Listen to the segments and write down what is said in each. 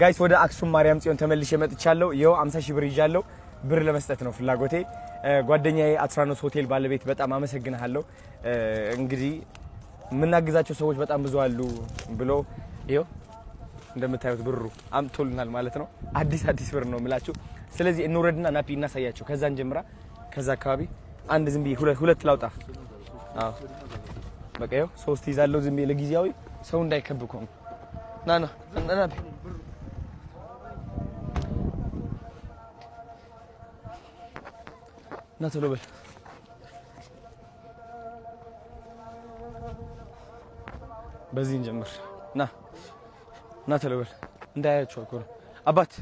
ጋይስ ወደ አክሱም ማርያም ጽዮን ተመልሼ መጥቻለሁ። ይኸው 50 ሺህ ብር ይዣለሁ። ብር ለመስጠት ነው ፍላጎቴ። ጓደኛዬ አትራኖስ ሆቴል ባለቤት በጣም አመሰግንሃለሁ። እንግዲህ የምናግዛቸው ሰዎች በጣም ብዙ አሉ ብሎ ይኸው እንደምታዩት ብሩ አምጥቶልናል ማለት ነው። አዲስ አዲስ ብር ነው የምላችሁ። ስለዚህ እንውረድና ናፒ እናሳያቸው። ከዛ እንጀምራ። ከዛ አካባቢ አንድ ዝም ብዬ ሁለት ሁለት ላውጣ። አዎ በቃ ይኸው ሶስት ይዛለሁ ዝም ብዬ ለጊዜያዊ ሰው እንዳይከብኮም ናና ናፒ እና ቶሎ በል በዚህ እንጀምር። ና እና ቶሎ በል እንዳያያችሁ አባት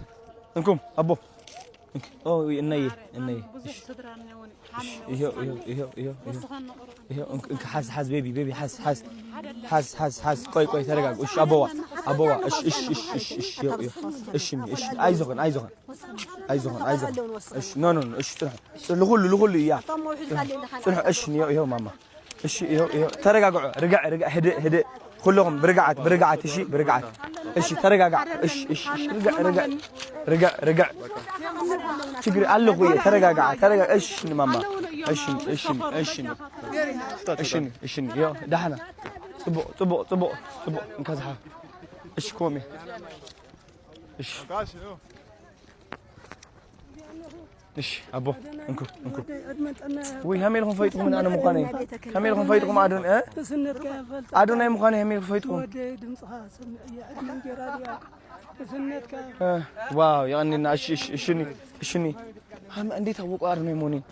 እንኩም አቦ oo inay inay iyo iyo iyo iyo iyo inka حاس حاس بيبي بيبي حاس حاس حاس حاس حاس قوي قوي ترجع ايش ابوا ابوا ايش ايش ايش إيوه. ايش ايش يو يو ايش مي ايش ايزغن ايزغن ايزغن ايزغن ايش نو نو ايش تروح لغل لغل اياه تروح ايش يو إيوه، يو ماما ايش يو إيوه- يو ترجع رجع رجع هدي هدي كلهم برجعت برجعت اشي برجعت اشي ترجع اش اش اش رجع رجع رجع رجع شكري قال له خويا ترجع ترجع ايش ماما ايش ايش ايش ايش ايش يا دحنا طبق طبق طبق طبق مكزحه ايش كومي ايش እሺ አቦ እንኩ እንኩ ወይ ሀሜል ኹን ፈይጥኩም አነ ምዃነ ሀሜል ኹን ፈይጥኩም አዱን እ ምዃነ ሀሜል ኹን ፈይጥኩም ዋው ያኔና እሺ እሺኒ እንዴት አወቁ አዱናይ መሆኔን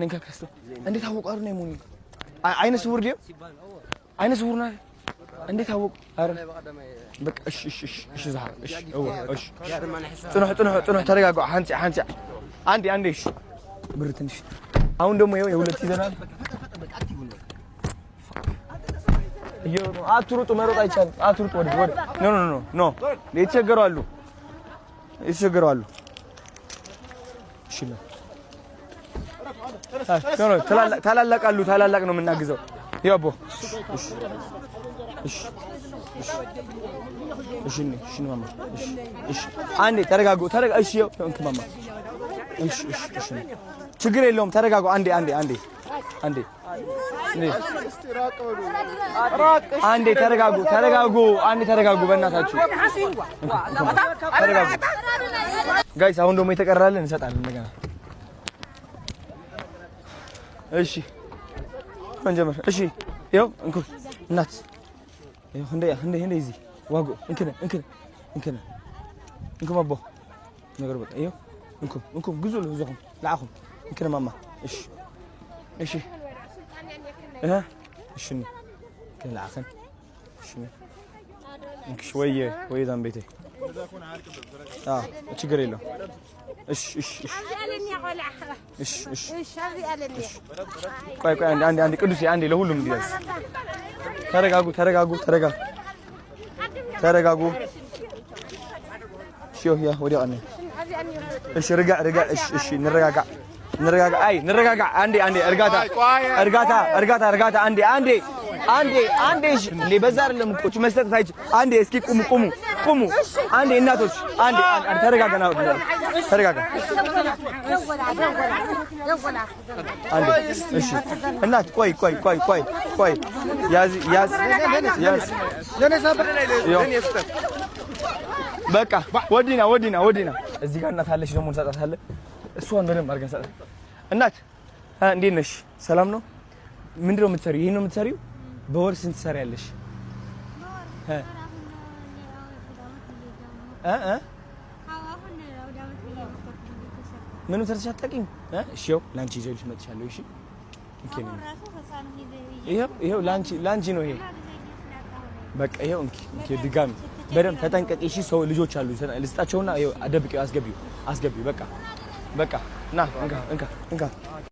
ነንካ ከስተ እንዴት አወቁ አዱናይ መሆኔን አይነ ስውር ዲም አይነ ስውር እንዴት አወቁ? ኧረ በቃ እሺ፣ እሺ፣ እሺ፣ እሺ፣ ዛህር እሺ፣ እሺ፣ ጽኑሕ፣ ጽኑሕ፣ ጽኑሕ፣ ተረጋጋ። ሀንፂ፣ ሀንፂ፣ አንዴ፣ አንዴ። እሺ፣ ብር ትንሽ። አሁን ደግሞ ይኸው የሁለት ይዘናል። አትሩጡ፣ መሮጥ አይቻልም። አትሩጡ። ወደ ወደ ኖ ኖ ኖ ኖ፣ የተቸገሩ አሉ፣ የተቸገሩ አሉ። እሺ፣ ነው ታላላቅ አሉ። ታላላቅ ነው የምናግዘው። ያቦ እሺ አንዴ ተረጋጉ። እሺ እንክ ማማ እሺ እሺ እሺ፣ ችግር የለውም ተረጋጉ። አንዴ አንዴ አንዴ አንዴ አንዴ ተረጋጉ፣ ተረጋጉ። አንዴ ተረጋጉ፣ በእናታችሁ ተረጋጉ። ጋይስ አሁን ደግሞ የተቀራለን እንሰጣለን እንደገና። እሺ እንጀምር። እሺ ይኸው እንኩ እናት هندي هندي هندي زي واجو إنكنا إنكنا إنكنا إنكم أبو نقرب أيوه إنكم إنكم جزول زخم لعهم إنكنا ماما إيش إيش ها شنو كان العخن شنو إنك شوية ويا دام بيتي آه إيش قري له إيش إيش إيش إيش إيش إيش إيش كوي كوي عندي عندي عندي كدوسي عندي لهولم دياس ተረጋጉ፣ ተረጋጉ፣ ተረጋጉ፣ ተረጋጉ። እሺ፣ ያ ወዲያ አንዴ። እሺ፣ ርጋ፣ ርጋ። እሺ፣ እሺ፣ እንረጋጋ፣ እንረጋጋ። አይ፣ እንረጋጋ። አንዴ፣ አንዴ፣ እርጋታ፣ እርጋታ፣ እርጋታ፣ እርጋታ። አንዴ፣ አንዴ፣ አንዴ፣ አንዴ። እሺ፣ በዛ አይደለም እኮ መስጠት ሳይች። አንዴ፣ እስኪ ቁሙ፣ ቁሙ፣ ቁሙ። አንዴ፣ እናቶች፣ አንዴ፣ ተረጋጋ። እናት ቆይ ቆይ ቆይ ቆይ ቆይ ያዝ ያዝ ያዝ በቃ ወዲና ወዲና ወዲና እዚህ ጋር እናት አለች፣ ደግሞ እንሰጣታለን። እሷን በደንብ አድርገን ሰጣት። እናት እንዴት ነሽ? ሰላም ነው? ምንድን ነው የምትሰሪው? ይሄን ነው የምትሰሪው? በወር ስንት ትሰሪያለሽ? ምንም ሰርተሽ አታውቂም። እሺ ያው ላንቺ ይዤልሽ መጥቻለሁ። እሺ ይሄው ላንቺ ላንቺ ነው ይሄ በቃ ይሄው እንኪ እንኪ ድጋሚ በደንብ ተጠንቀቂ። እሺ ሰው ልጆች አሉ ልስጣቸውና ይሄው አደብቂው፣ አስገቢው፣ አስገቢው። በቃ በቃ ና እንካ እንካ እንካ